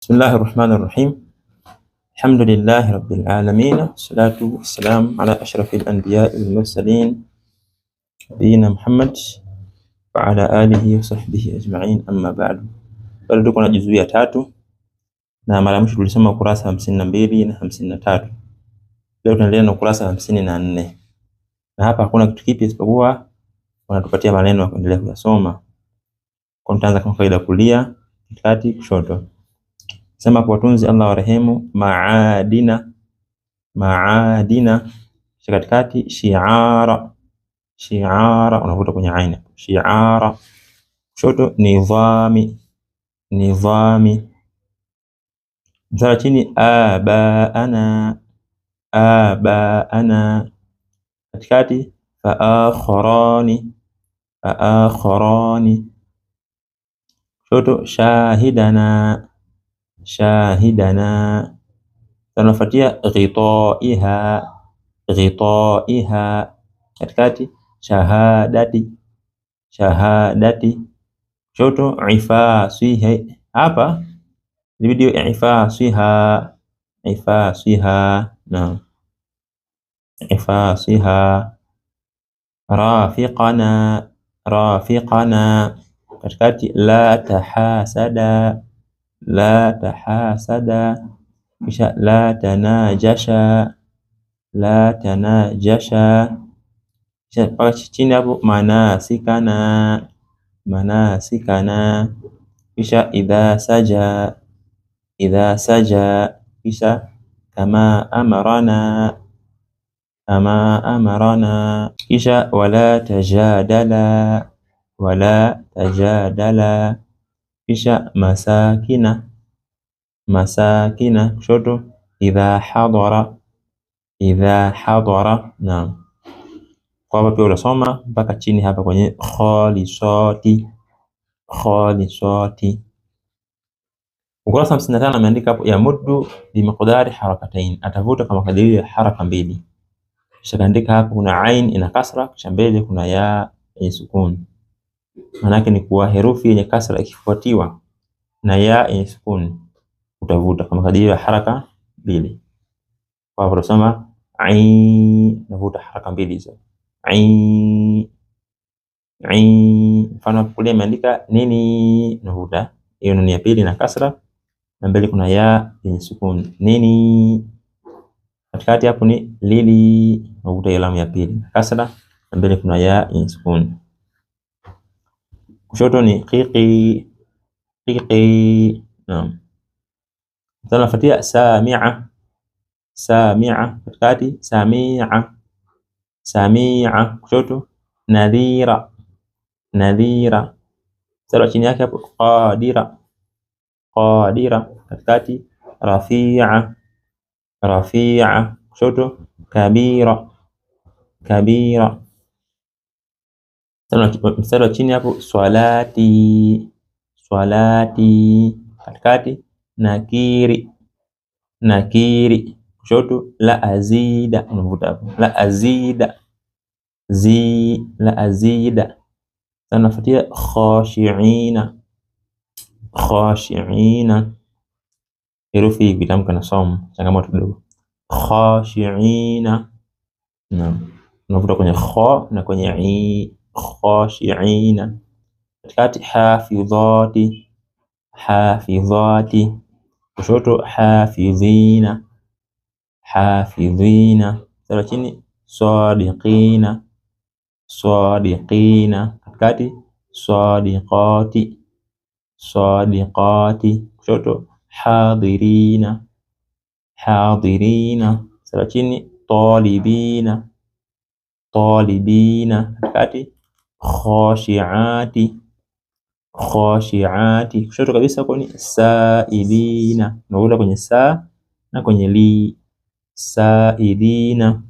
Bismillahir Rahmanir Rahim. Alhamdulillahi Rabbil Alamin. Wassalatu wassalamu ala ashrafil anbiya wal mursalin nabiyina Muhammad wa ala alihi wa sahbihi ajma'in, amma ba'du. Bado tuko na juzuu ya tatu na mara mwisho tulisema kurasa hamsini na mbili na hamsini na tatu. Leo tunaendelea na kurasa hamsini na nne na hapa hakuna kitu kipya isipokuwa wanatupatia maneno ya kuendelea kuyasoma. Kwa mtaanza kama kawaida, kulia, kati, kushoto Sema kuwatunzi Allah warehemu maadina maadina, kisha katikati shiara shiara, unavuta kwenye aina shiara, kushoto nidhami nidhami, msara chini abaana abaana, katikati faakharani faakharani, kushoto shahidana شاهدنا tunafuatia ghitaiha ghitaiha katikati shahadati shahadati shoto ifasihi hapa ibidi ifasiha ifasiha na ifasiha rafiqana rafiqana katikati la tahasada la tahasada bisa la tana jasha la tana oh, Cina bisa mana si kana, mana si kana. bisa ida saja ida saja bisa kama amarana kama amarana bisa wala tajadala wala tajadala kisha masakina masakina kushoto, idha hadara idha hadara. Naam, kwa hapa pia unasoma mpaka chini hapa kwenye khalisati khalisati. Ukurasa 55 ameandika hapo, yamuddu bi miqdari harakatain, atavuta kama kadiri ya haraka mbili. Kisha kaandika hapo, kuna ain ina kasra, kisha mbele kuna ya sukuni maana yake ni kuwa herufi yenye kasra ikifuatiwa na ya yenye sukun utavuta kama kadiri ya haraka mbili. Kwa hivyo tunasema ai, navuta haraka mbili hizo ai ai. Mfano kule imeandika nini, navuta hiyo nuni ya pili na kasra, na mbele kuna ya yenye sukun nini. Katikati hapo ni lili, navuta hiyo lamu ya pili na kasra, na mbele kuna ya yenye sukuni. kushoto ni qiqi qiqi. Naam, tunafuatia samia samia, katikati samia samia, kushoto nadhira nadhira, mstari wa chini yake hapo qadira qadira, katikati rafia rafia, kushoto kabira kabira mstari wa chini hapo, swalati swalati, katikati nakiri nakiri, kushoto la azida, unavuta hapo la azida zi la azida, anafuatia khashiina khashiina, herufi hii kuitamka na somo changamoto kidogo. Khashiina, naam, unavuta kwenye kha na kwenye i خاشعين كات حافظات حافظات كشوت حافظين حافظين ثلاثين صادقين صادقين كات صادقات صادقات كشوت حاضرين حاضرين ثلاثين طالبين طالبين كات khashiati khashiati. Kushoto kabisa kwa ni sa'ilina, unakuta kwenye sa na kwenye li, sa'ilina.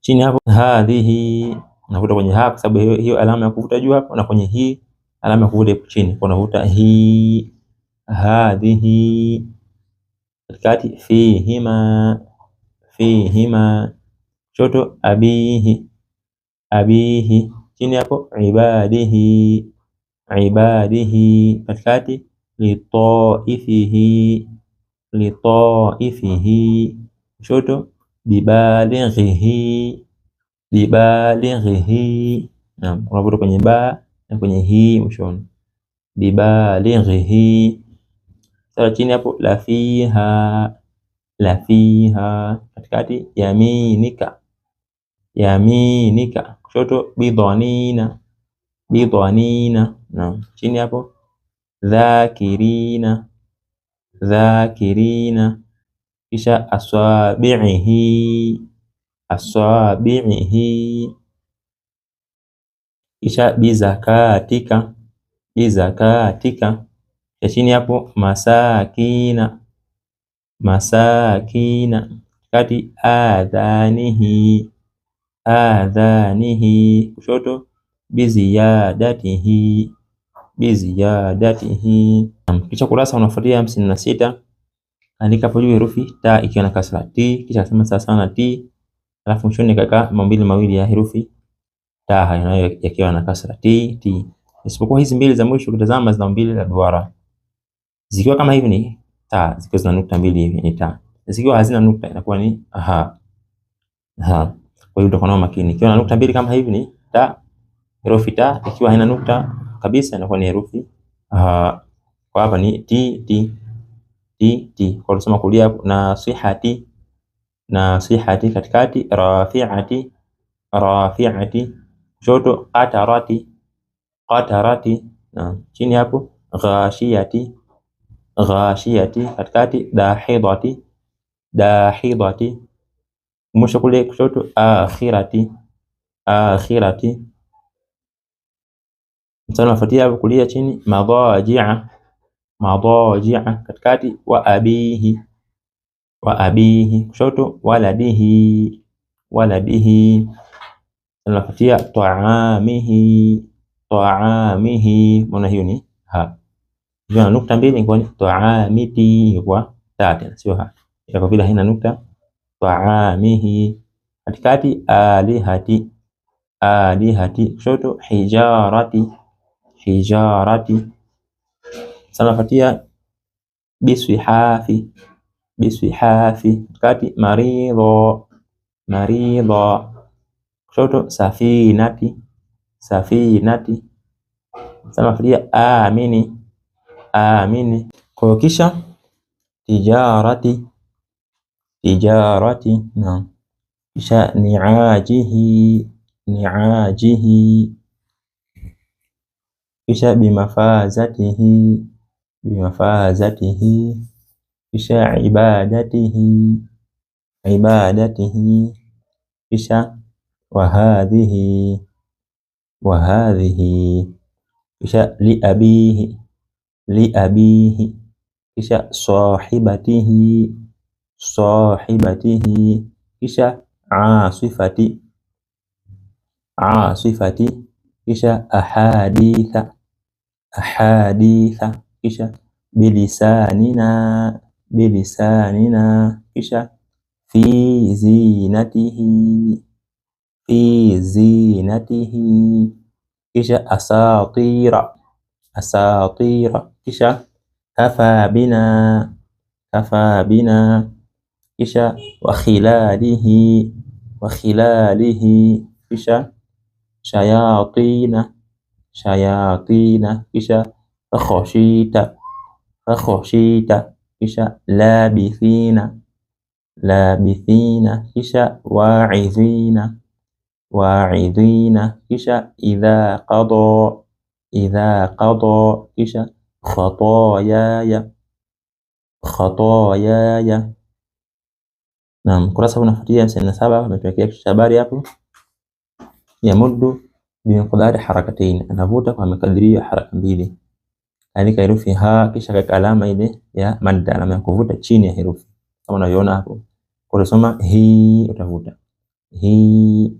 Chini hapo hadhihi, unakuta kwenye ha, kwa sababu hiyo hiyo alama ya kuvuta juu hapo, na kwenye hii alama ya kuvuta ipo chini, kwa unavuta hii, hadhihi. Katikati fihima, fihima. choto abihi abihi, chini hapo ibadihi, ibadihi, katikati litaifihi, litaifihi, shoto bibalighihi, bibalighihi. Naam, unavuta kwenye ba na kwenye hii mwishoni, bibalighihi. Sasa chini hapo lafiha lafiha, katikati yaminika yaminika kushoto, bidhanina bidhanina, na chini hapo dhakirina dhakirina, kisha aswabihi aswabihi, kisha bizakatika bizakatika, ya chini hapo masakina masakina, kati adhanihi adhanihi, kushoto biziyadatihi, biziyadatihi. Kisha kurasa unafuatia hamsini na sita. Andika hapo juu herufi ta ikiwa na kasra t, kisha sema sawa sawa na t, alafu mshoni kaka mawili mawili ya herufi ta hayo yakiwa na kasra t t, isipokuwa hizi mbili za mwisho, ukitazama zina mbili za duara, zikiwa kama hivi ni ta, zikiwa zina nukta mbili hivi ni ta, zikiwa hazina nukta inakuwa ni aha aha. Kwa hiyo utakuwa nao makini. Ikiwa na nukta mbili kama hivi ni ta, herufi ta. Ikiwa haina nukta kabisa inakuwa ni herufi uh, kwa hapa ni t t t t. Kwa kusema kulia na sihati na sihati, katikati rafiati rafiati, kushoto qatarati qatarati, na chini hapo ghashiyati ghashiyati, katikati dahidati dahidati mwisho kule kushoto, akhirati akhirati. Msana unafuatia hapo kulia chini, madajia madajia, katikati wa abihi wa abihi, kushoto waladihi waladihi, unafuatia taamihi taamihi. Mbona hiyo ni ha hiyo nukta mbili, kwa ni taamiti kwa tatu sio ha, kwa vile haina nukta taamihi, katikati alihati alihati, kushoto hijarati hijarati. Sanafatia biswihafi biswihafi, katikati maridho maridho, kushoto safinati safinati. Sanafatia amini amini, kwa kisha tijarati تجارة نعم. نعاجه نعاجه بشاء بمفازته بمفازته بشاء عبادته عبادته بشاء وهذه وهذه بشاء لأبيه لأبيه بشاء صاحبته صاحبته إيش عاصفة عاصفة إيش أحاديث أحاديث إيش بلساننا بلساننا إيش في زينته في زينته إيش أساطير أساطير إيش كفى بنا كفى بنا كشا وخلاله وخلاله كشا شياطين شياطين كشا فخشيت فخشيت كشا لابثين لابثين كشا واعظين واعظين كشا إذا قضى إذا قضى كشا خطاياي خطاياي na kurasa unafuatia hamsini na saba ametuwekea kichwa cha habari hapo, yamuddu bimiqdari harakatain, anavuta kwa makadirio ya haraka mbili. Andika herufi ha, kisha kaka alama ile ya madda, alama ya kuvuta chini ya herufi kama unavyoona hapo. Kwa kusoma hi, utavuta hi,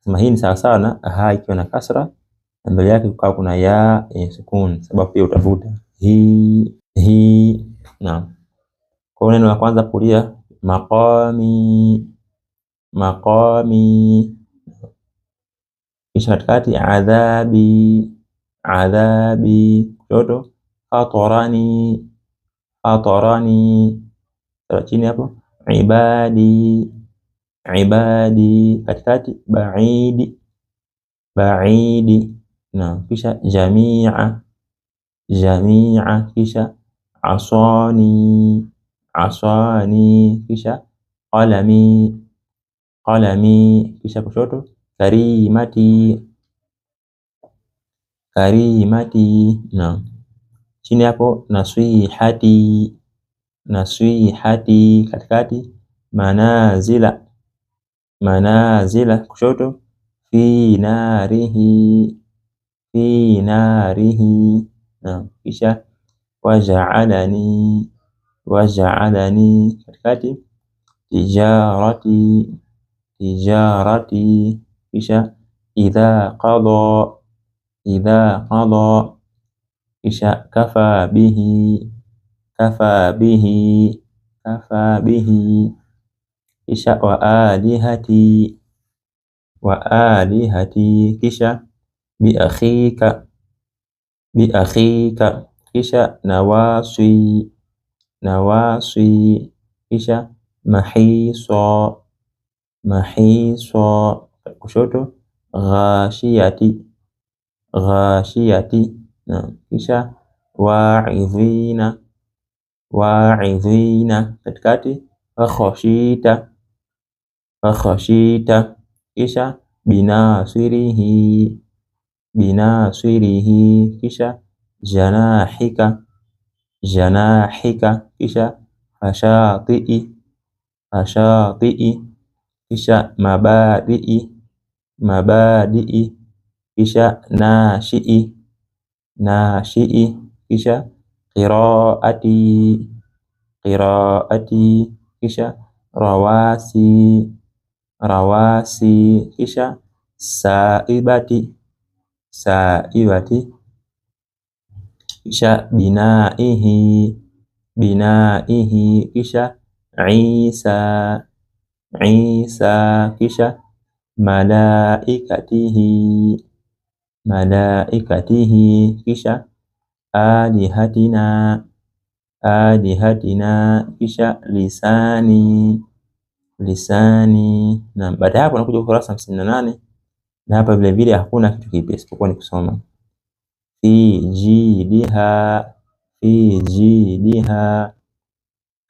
sema hii ni sawa sawa na ha ikiwa na kasra na mbele yake kukawa kuna ya yenye sukun, sababu pia utavuta hi hi. Na kwa neno la kwanza kulia مقامي مقامي إشارتي عذابي عذابي جودو خطراني خطراني عبادي عبادي كتكاتي بعيد بعيد نعم كيشا جميع جميع كيشا عصاني asani, kisha qalami qalami kisha kushoto karimati karimati na chini hapo naswihati naswihati katikati manazila manazila kushoto fi narihi fi narihi na kisha waja'alani وجعلني الكاتب تجارتي تجارتي إذا قضى إذا قضى إشاء كفى به كفى به كفى به إشاء وآلهتي وآلهتي كشا بأخيك بأخيك كشا نواصي Nawaswihisha mahiso mahiso kushoto, ghashiyati ghashiyati kisha wa'idhina wa'idhina katikati, fakhashita fakhashita kisha binasirihi binasirihi kisha janahika janahika kisha fashati'i fashati'i kisha mabadi'i mabadi'i kisha nashi'i nashi'i kisha qiraati qiraati kisha rawasi rawasi kisha saibati saibati kisha binaihi binaihi, kisha isa isa, kisha malaikatihi malaikatihi, kisha alihatina alihatina, kisha lisani lisani. Na baada ya hapo nakuja ukurasa hamsini na nane na hapa vilevile hakuna kitu kipya isipokuwa ni kusoma fi jidiha fi jidiha,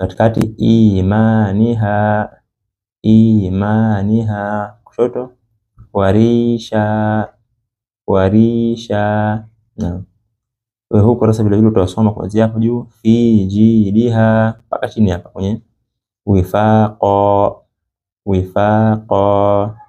katikati imaniha imaniha, kushoto warisha warisha. na wewe huko sasa vile vile utasoma kuanzia hapo juu fi jidiha mpaka chini hapa kwenye wifaqo wifaqo